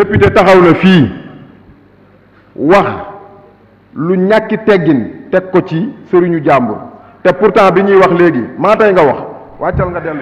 député taxaw na fi wax lu ñakki teggine teg ko ci sëriñu jambour te pourtant biñuy wax léegi ma tay nga wax waccal nga delu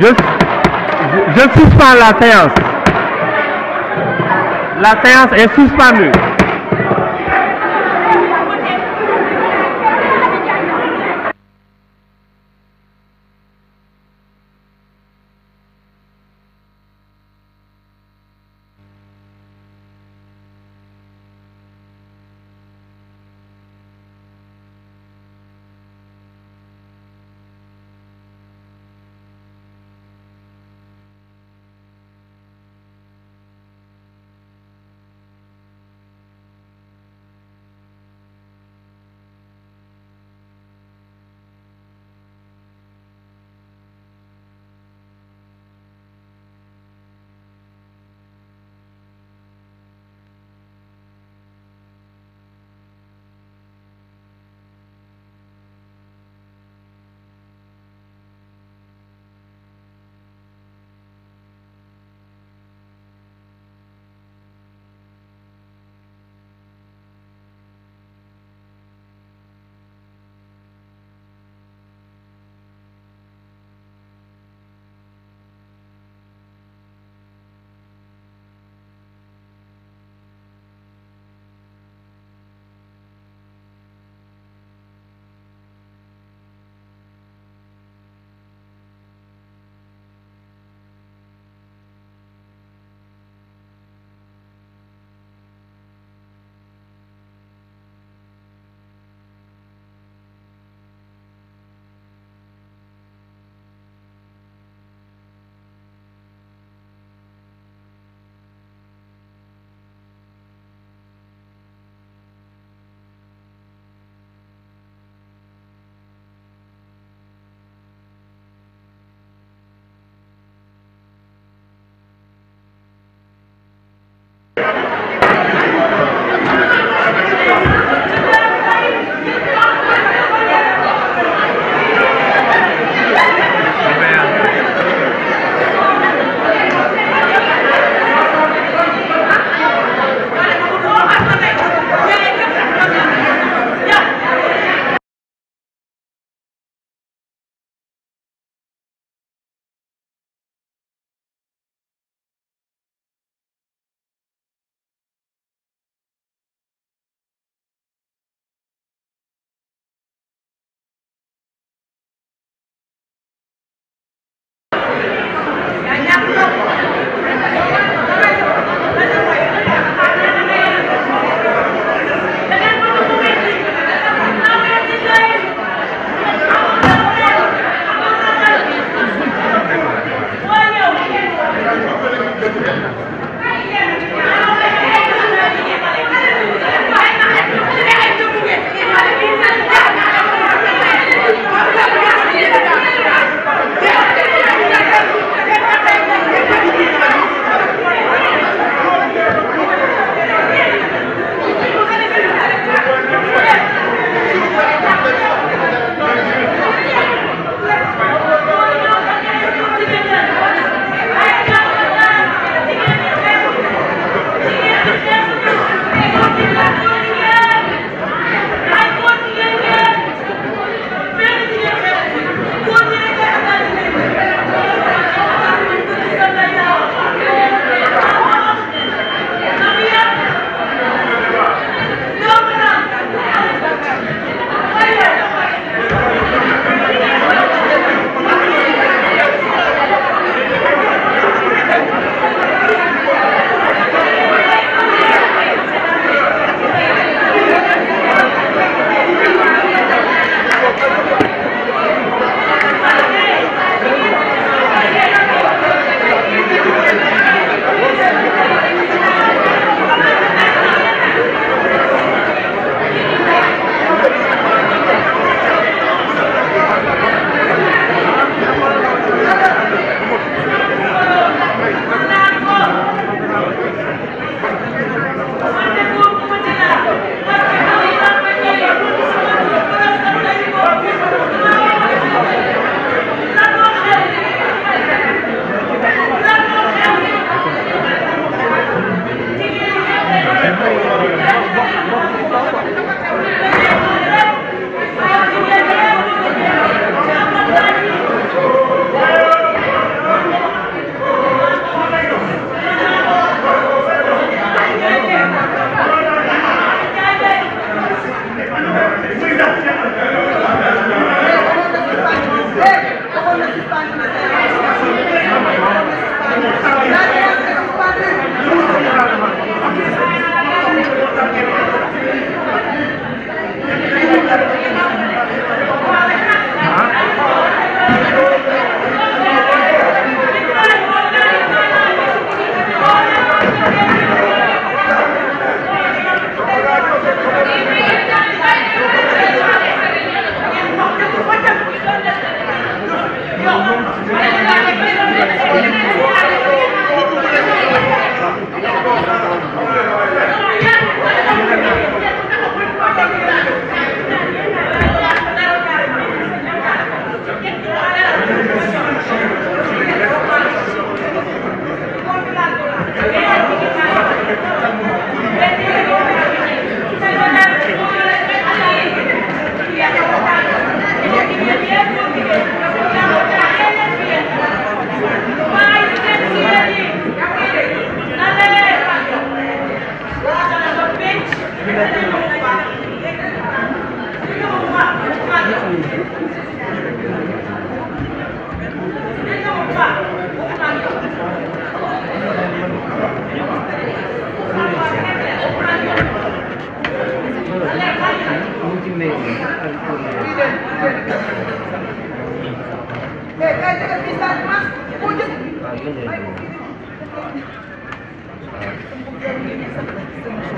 Je, je, suspends la séance. La séance est suspendue.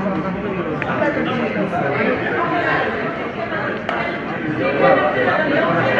Thank you.